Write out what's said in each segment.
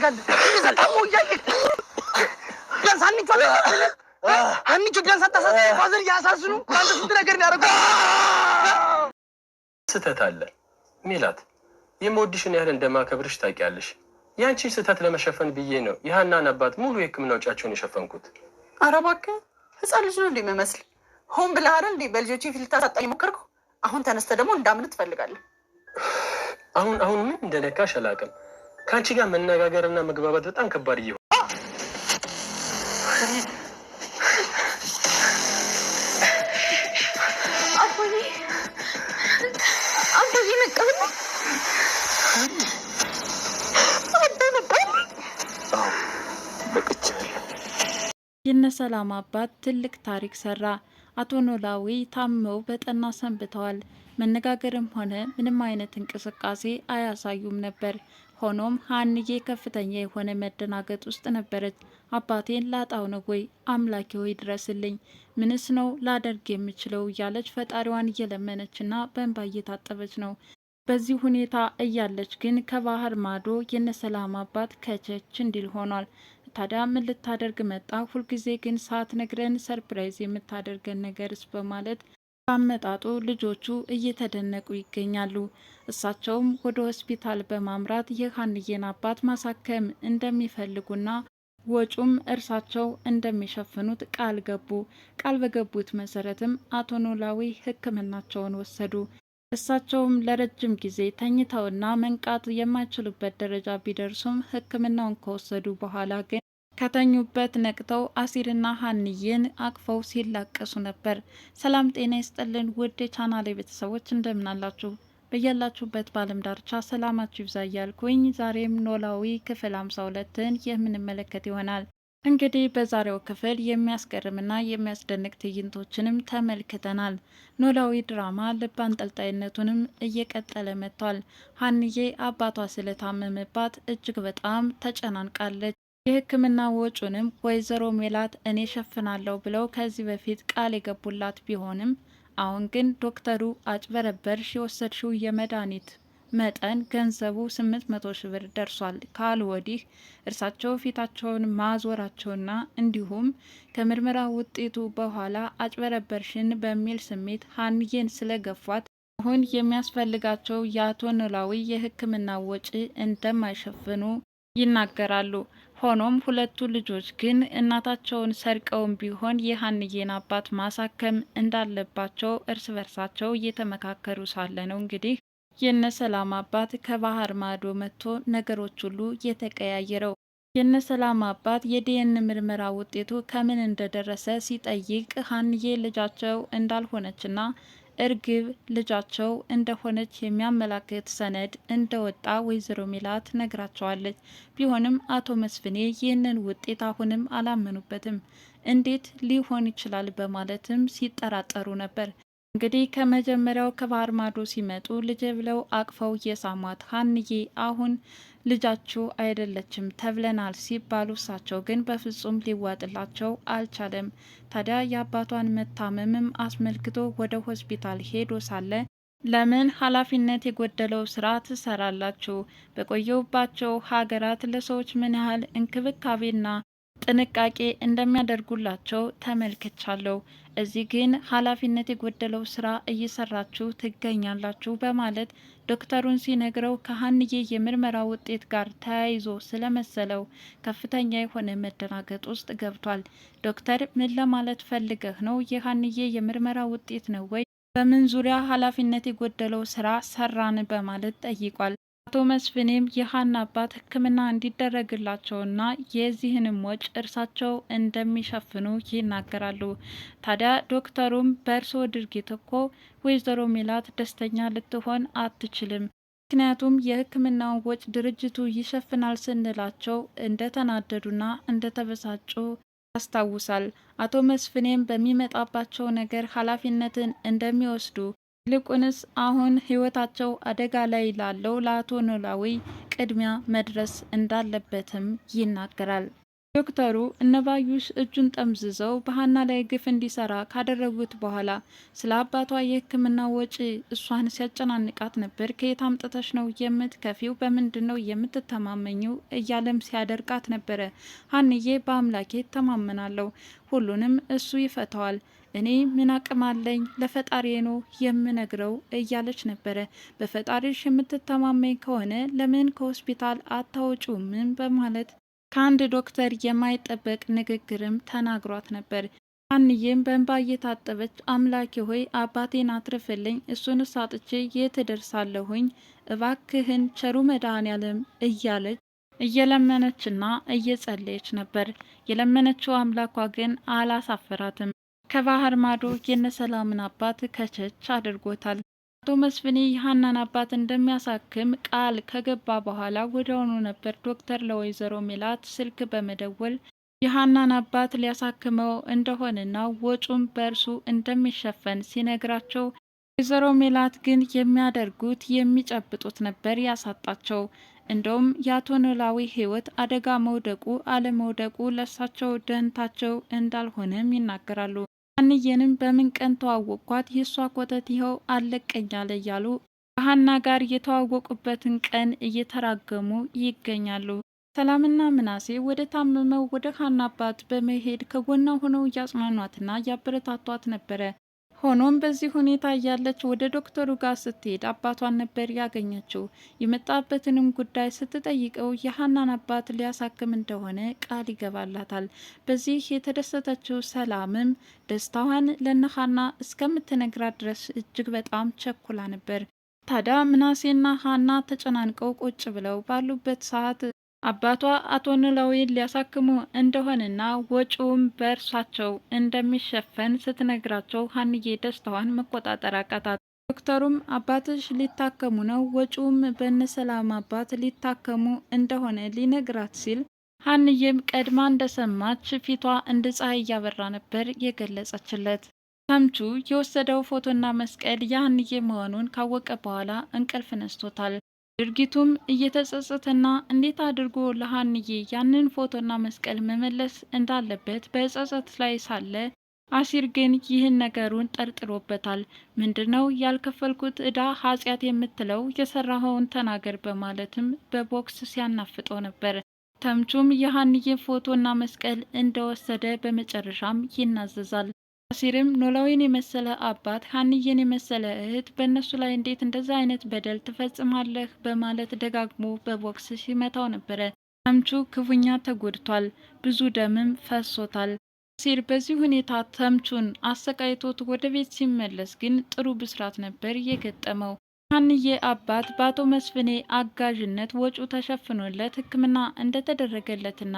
ታደርጋለህ? ስህተት አለ ሜላት፣ የምወድሽን ያህል እንደማከብርሽ ታውቂያለሽ። ስህተት ለመሸፈን ብዬ ነው የሀናን አባት ሙሉ የሕክምና ወጪያቸውን የሸፈንኩት። ኧረ እባክህ ህፃን ልጅ ነው እንደሚመስል ሆን ፊት ልታሳጣኝ ሞከርኩ። አሁን ደግሞ እንዳምን ትፈልጋለህ? አሁን አሁን ምን እንደነካሽ አላውቅም። ከአንቺ ጋር መነጋገርና መግባባት በጣም ከባድ እየሆነ የነሰላም አባት ትልቅ ታሪክ ሰራ። አቶ ኖላዊ ታመው በጠና ሰንብተዋል። መነጋገርም ሆነ ምንም አይነት እንቅስቃሴ አያሳዩም ነበር። ሆኖም ሀንዬ ከፍተኛ የሆነ መደናገጥ ውስጥ ነበረች። አባቴን ላጣው ነው ወይ? አምላኬ ሆይ ድረስልኝ፣ ምንስ ነው ላደርግ የምችለው? እያለች ፈጣሪዋን እየለመነችና በእንባ እየታጠበች ነው። በዚህ ሁኔታ እያለች ግን ከባህር ማዶ የነሰላም አባት ከቸች እንዲል ሆኗል። ታዲያ ምን ልታደርግ መጣ? ሁልጊዜ ግን ሳትነግረን ሰርፕራይዝ የምታደርገን ነገርስ በማለት በአመጣጡ ልጆቹ እየተደነቁ ይገኛሉ። እሳቸውም ወደ ሆስፒታል በማምራት የሀንዬን አባት ማሳከም እንደሚፈልጉና ወጩም እርሳቸው እንደሚሸፍኑት ቃል ገቡ። ቃል በገቡት መሰረትም አቶ ኖላዊ ሕክምናቸውን ወሰዱ። እሳቸውም ለረጅም ጊዜ ተኝተውና መንቃት የማይችሉበት ደረጃ ቢደርሱም ሕክምናውን ከወሰዱ በኋላ ግን ከተኙበት ነቅተው አሲርና ሀንዬን አቅፈው ሲላቀሱ ነበር። ሰላም ጤና ይስጥልን ውድ የቻናሌ ቤተሰቦች እንደምናላችሁ በያላችሁበት በዓለም ዳርቻ ሰላማችሁ ይብዛ እያልኩኝ ዛሬም ኖላዊ ክፍል ሃምሳ ሁለትን የምንመለከት ይሆናል። እንግዲህ በዛሬው ክፍል የሚያስገርምና የሚያስደንቅ ትዕይንቶችንም ተመልክተናል። ኖላዊ ድራማ ልብ አንጠልጣይነቱንም እየቀጠለ መጥቷል። ሀንዬ አባቷ ስለታመመባት እጅግ በጣም ተጨናንቃለች። የሕክምና ወጪውንም ወይዘሮ ሜላት እኔ ሸፍናለሁ ብለው ከዚህ በፊት ቃል የገቡላት ቢሆንም አሁን ግን ዶክተሩ አጭበረበርሽ፣ የወሰድሽው የመድኃኒት መጠን ገንዘቡ ስምንት መቶ ሺ ብር ደርሷል ካሉ ወዲህ እርሳቸው ፊታቸውን ማዞራቸውና እንዲሁም ከምርመራ ውጤቱ በኋላ አጭበረበርሽን በሚል ስሜት ሀንዬን ስለገፏት አሁን የሚያስፈልጋቸው የአቶ ኖላዊ የህክምና ወጪ እንደማይሸፍኑ ይናገራሉ። ሆኖም ሁለቱ ልጆች ግን እናታቸውን ሰርቀውም ቢሆን የሀንዬን አባት ማሳከም እንዳለባቸው እርስ በርሳቸው እየተመካከሩ ሳለ ነው እንግዲህ የነሰላም አባት ከባህር ማዶ መጥቶ ነገሮች ሁሉ የተቀያየረው። ሰላም አባት የዲኤን ምርመራ ውጤቱ ከምን እንደደረሰ ሲጠይቅ ሀንዬ ልጃቸው እንዳልሆነችና እርግብ ልጃቸው እንደሆነች የሚያመላክት ሰነድ እንደወጣ ወይዘሮ ሚላት ነግራቸዋለች። ቢሆንም አቶ መስፍኔ ይህንን ውጤት አሁንም አላመኑበትም። እንዴት ሊሆን ይችላል በማለትም ሲጠራጠሩ ነበር። እንግዲህ ከመጀመሪያው ከባርማዶ ማዶ ሲመጡ ልጄ ብለው አቅፈው የሳሟት ሀንዬ አሁን ልጃችሁ አይደለችም ተብለናል ሲባሉ እሳቸው ግን በፍጹም ሊዋጥላቸው አልቻለም። ታዲያ የአባቷን መታመምም አስመልክቶ ወደ ሆስፒታል ሄዶ ሳለ ለምን ኃላፊነት የጎደለው ስራ ትሰራላችሁ? በቆየውባቸው ሀገራት ለሰዎች ምን ያህል እንክብካቤና ጥንቃቄ እንደሚያደርጉላቸው ተመልክቻለሁ። እዚህ ግን ኃላፊነት የጎደለው ስራ እየሰራችሁ ትገኛላችሁ በማለት ዶክተሩን ሲነግረው ከሀንዬ የምርመራ ውጤት ጋር ተያይዞ ስለመሰለው ከፍተኛ የሆነ መደናገጥ ውስጥ ገብቷል። ዶክተር ምን ለማለት ፈልገህ ነው? የሀንዬ የምርመራ ውጤት ነው ወይ? በምን ዙሪያ ኃላፊነት የጎደለው ስራ ሰራን? በማለት ጠይቋል። አቶ መስፍኔም የሀና አባት ሕክምና እንዲደረግላቸውና የዚህንም ወጭ እርሳቸው እንደሚሸፍኑ ይናገራሉ። ታዲያ ዶክተሩም በእርስዎ ድርጊት እኮ ወይዘሮ ሜላት ደስተኛ ልትሆን አትችልም ምክንያቱም የሕክምናውን ወጭ ድርጅቱ ይሸፍናል ስንላቸው እንደተናደዱና እንደተበሳጩ ያስታውሳል። አቶ መስፍኔም በሚመጣባቸው ነገር ኃላፊነትን እንደሚወስዱ ይልቁንስ አሁን ህይወታቸው አደጋ ላይ ላለው ለአቶ ኖላዊ ቅድሚያ መድረስ እንዳለበትም ይናገራል። ዶክተሩ እነ ባዩሽ እጁን ጠምዝዘው በሀና ላይ ግፍ እንዲሰራ ካደረጉት በኋላ ስለ አባቷ የሕክምና ወጪ እሷን ሲያጨናንቃት ነበር። ከየት አምጥተሽ ነው የምትከፊው? በምንድን ነው የምትተማመኙ? እያለም ሲያደርጋት ነበረ። ሀንዬ በአምላኬ ተማመናለሁ፣ ሁሉንም እሱ ይፈታዋል እኔ ምን አቅም አለኝ? ለፈጣሪ ነው የምነግረው እያለች ነበረ። በፈጣሪሽ የምትተማመኝ ከሆነ ለምን ከሆስፒታል አታወጪውም? በማለት ከአንድ ዶክተር የማይጠበቅ ንግግርም ተናግሯት ነበር። አንዬም በእንባ እየታጠበች አምላኬ ሆይ አባቴን አትርፍልኝ፣ እሱን ሳጥቼ የት እደርሳለሁኝ? እባክህን ቸሩ መድኃኔዓለም እያለች እየለመነችና እየጸለየች ነበር። የለመነችው አምላኳ ግን አላሳፈራትም። ከባህር ማዶ የነሰላምን አባት ከቸች አድርጎታል። አቶ መስፍኔ የሀናን አባት እንደሚያሳክም ቃል ከገባ በኋላ ወዲያውኑ ነበር ዶክተር ለወይዘሮ ሜላት ስልክ በመደወል የሀናን አባት ሊያሳክመው እንደሆነና ወጪውም በእርሱ እንደሚሸፈን ሲነግራቸው ወይዘሮ ሜላት ግን የሚያደርጉት የሚጨብጡት ነበር ያሳጣቸው። እንደውም የአቶ ኖላዊ ህይወት አደጋ መውደቁ አለመውደቁ ለሳቸው ደህንታቸው እንዳልሆነም ይናገራሉ። አንየንም በምን ቀን ተዋወቅኳት የእሷ ኮተት ይኸው አለቀኛለ እያሉ ከሀና ጋር የተዋወቁበትን ቀን እየተራገሙ ይገኛሉ። ሰላምና ምናሴ ወደ ታመመው ወደ ሀና አባት በመሄድ ከጎና ሆነው እያጽናኗትና እያበረታቷት ነበረ። ሆኖም በዚህ ሁኔታ እያለች ወደ ዶክተሩ ጋር ስትሄድ አባቷን ነበር ያገኘችው። የመጣበትንም ጉዳይ ስትጠይቀው የሀናን አባት ሊያሳክም እንደሆነ ቃል ይገባላታል። በዚህ የተደሰተችው ሰላምም ደስታዋን ለነሀና እስከምትነግራት ድረስ እጅግ በጣም ቸኩላ ነበር። ታዲያ ምናሴና ሀና ተጨናንቀው ቁጭ ብለው ባሉበት ሰዓት አባቷ አቶ ኖላዊን ሊያሳክሙ እንደሆነና ወጪውም በእርሳቸው እንደሚሸፈን ስትነግራቸው ሀንዬ ደስታዋን መቆጣጠር አቃታት። ዶክተሩም አባትሽ ሊታከሙ ነው፣ ወጪውም በነሰላም አባት ሊታከሙ እንደሆነ ሊነግራት ሲል ሀንዬም ቀድማ እንደሰማች ፊቷ እንደ ፀሐይ እያበራ ነበር የገለጸችለት። ተምቹ የወሰደው ፎቶና መስቀል የሀንዬ መሆኑን ካወቀ በኋላ እንቅልፍ ነስቶታል። ድርጊቱም እየተጸጸተና እንዴት አድርጎ ለሀንዬ ያንን ፎቶና መስቀል መመለስ እንዳለበት በጸጸት ላይ ሳለ አሲር ግን ይህን ነገሩን ጠርጥሮበታል። ምንድነው ያልከፈልኩት እዳ ኃጢአት የምትለው የሰራኸውን ተናገር በማለትም በቦክስ ሲያናፍጠው ነበር። ተምቹም የሀንዬ ፎቶና መስቀል እንደወሰደ በመጨረሻም ይናዘዛል። አሲርም ኖላዊን የመሰለ አባት ሀንዬን የመሰለ እህት በእነሱ ላይ እንዴት እንደዛ አይነት በደል ትፈጽማለህ? በማለት ደጋግሞ በቦክስ ሲመታው ነበረ። ተምቹ ክፉኛ ተጎድቷል፣ ብዙ ደምም ፈሶታል። ሲር በዚህ ሁኔታ ተምቹን አሰቃይቶት ወደ ቤት ሲመለስ ግን ጥሩ ብስራት ነበር የገጠመው። የሀንዬ አባት በአቶ መስፍኔ አጋዥነት ወጪ ተሸፍኖለት ሕክምና እንደተደረገለትና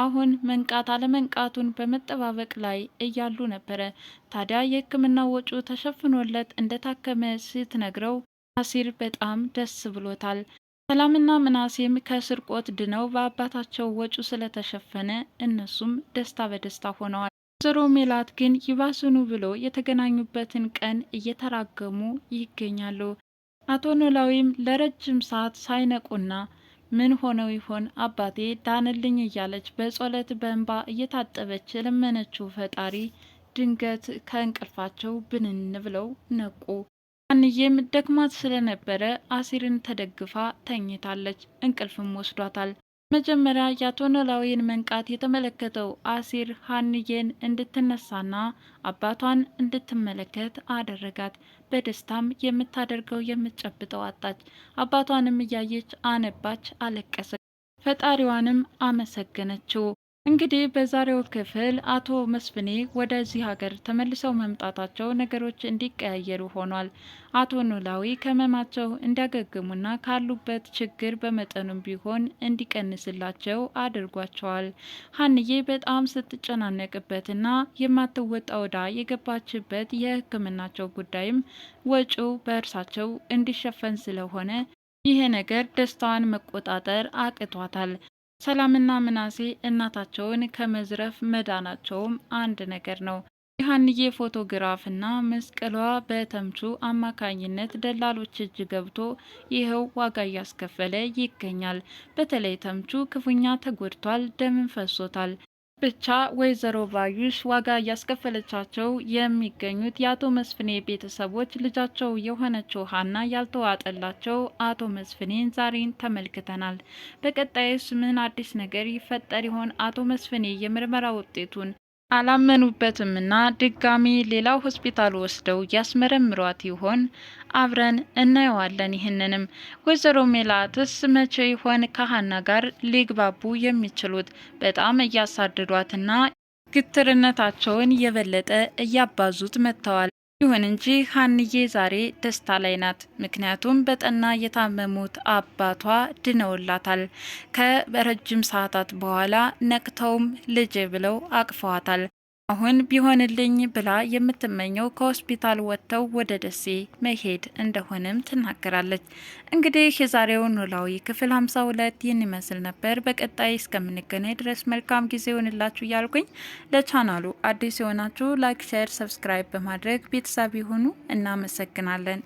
አሁን መንቃት አለመንቃቱን በመጠባበቅ ላይ እያሉ ነበረ። ታዲያ የሕክምና ወጪ ተሸፍኖለት እንደታከመ ስትነግረው አሲር በጣም ደስ ብሎታል። ሰላምና ምናሴም ከስርቆት ድነው በአባታቸው ወጪ ስለተሸፈነ እነሱም ደስታ በደስታ ሆነዋል። ወይዘሮ ሜላት ግን ይባስኑ ብሎ የተገናኙበትን ቀን እየተራገሙ ይገኛሉ። አቶ ኖላዊም ለረጅም ሰዓት ሳይነቁና ምን ሆነው ይሆን አባቴ ዳንልኝ እያለች በጸሎት በእንባ እየታጠበች የለመነችው ፈጣሪ ድንገት ከእንቅልፋቸው ብንን ብለው ነቁ። አንዬም ደክማት ስለነበረ አሲርን ተደግፋ ተኝታለች። እንቅልፍም ወስዷታል። መጀመሪያ የአቶ ኖላዊን መንቃት የተመለከተው አሲር ሀንዬን እንድትነሳና አባቷን እንድትመለከት አደረጋት። በደስታም የምታደርገው የምትጨብጠው አጣች። አባቷንም እያየች አነባች፣ አለቀሰ፣ ፈጣሪዋንም አመሰገነችው። እንግዲህ በዛሬው ክፍል አቶ መስፍኔ ወደዚህ ሀገር ተመልሰው መምጣታቸው ነገሮች እንዲቀያየሩ ሆኗል። አቶ ኖላዊ ከመማቸው እንዲያገግሙና ካሉበት ችግር በመጠኑም ቢሆን እንዲቀንስላቸው አድርጓቸዋል። ሀንዬ በጣም ስትጨናነቅበትና የማትወጣ ወዳ የገባችበት የሕክምናቸው ጉዳይም ወጪው በእርሳቸው እንዲሸፈን ስለሆነ ይሄ ነገር ደስታዋን መቆጣጠር አቅቷታል። ሰላምና ምናሴ እናታቸውን ከመዝረፍ መዳናቸውም አንድ ነገር ነው። የሀንዬ ፎቶግራፍና መስቀሏ በተምቹ አማካኝነት ደላሎች እጅ ገብቶ ይኸው ዋጋ እያስከፈለ ይገኛል። በተለይ ተምቹ ክፉኛ ተጎድቷል፣ ደምን ፈሶታል። ብቻ ወይዘሮ ባዩሽ ዋጋ እያስከፈለቻቸው የሚገኙት የአቶ መስፍኔ ቤተሰቦች ልጃቸው የሆነችው ሀና ያልተዋጠላቸው አቶ መስፍኔን ዛሬን ተመልክተናል። በቀጣይስ ምን አዲስ ነገር ይፈጠር ይሆን? አቶ መስፍኔ የምርመራ ውጤቱን አላመኑበትምና ድጋሚ ሌላው ሆስፒታል ወስደው ያስመረምሯት ይሆን? አብረን እናየዋለን። ይህንንም ወይዘሮ ሜላትስ መቼ ይሆን ከሀና ጋር ሊግባቡ የሚችሉት? በጣም እያሳድዷትና ግትርነታቸውን የበለጠ እያባዙት መጥተዋል። ይሁን እንጂ ሀንዬ ዛሬ ደስታ ላይ ናት። ምክንያቱም በጠና የታመሙት አባቷ ድነውላታል። ከረጅም ሰዓታት በኋላ ነቅተውም ልጄ ብለው አቅፈዋታል። አሁን ቢሆንልኝ ብላ የምትመኘው ከሆስፒታል ወጥተው ወደ ደሴ መሄድ እንደሆነም ትናገራለች። እንግዲህ የዛሬው ኖላዊ ክፍል 52 ይህን ይመስል ነበር። በቀጣይ እስከምንገናኝ ድረስ መልካም ጊዜ ይሆንላችሁ እያልኩኝ ለቻናሉ አዲስ የሆናችሁ ላይክ፣ ሼር፣ ሰብስክራይብ በማድረግ ቤተሰብ ይሁኑ። እናመሰግናለን።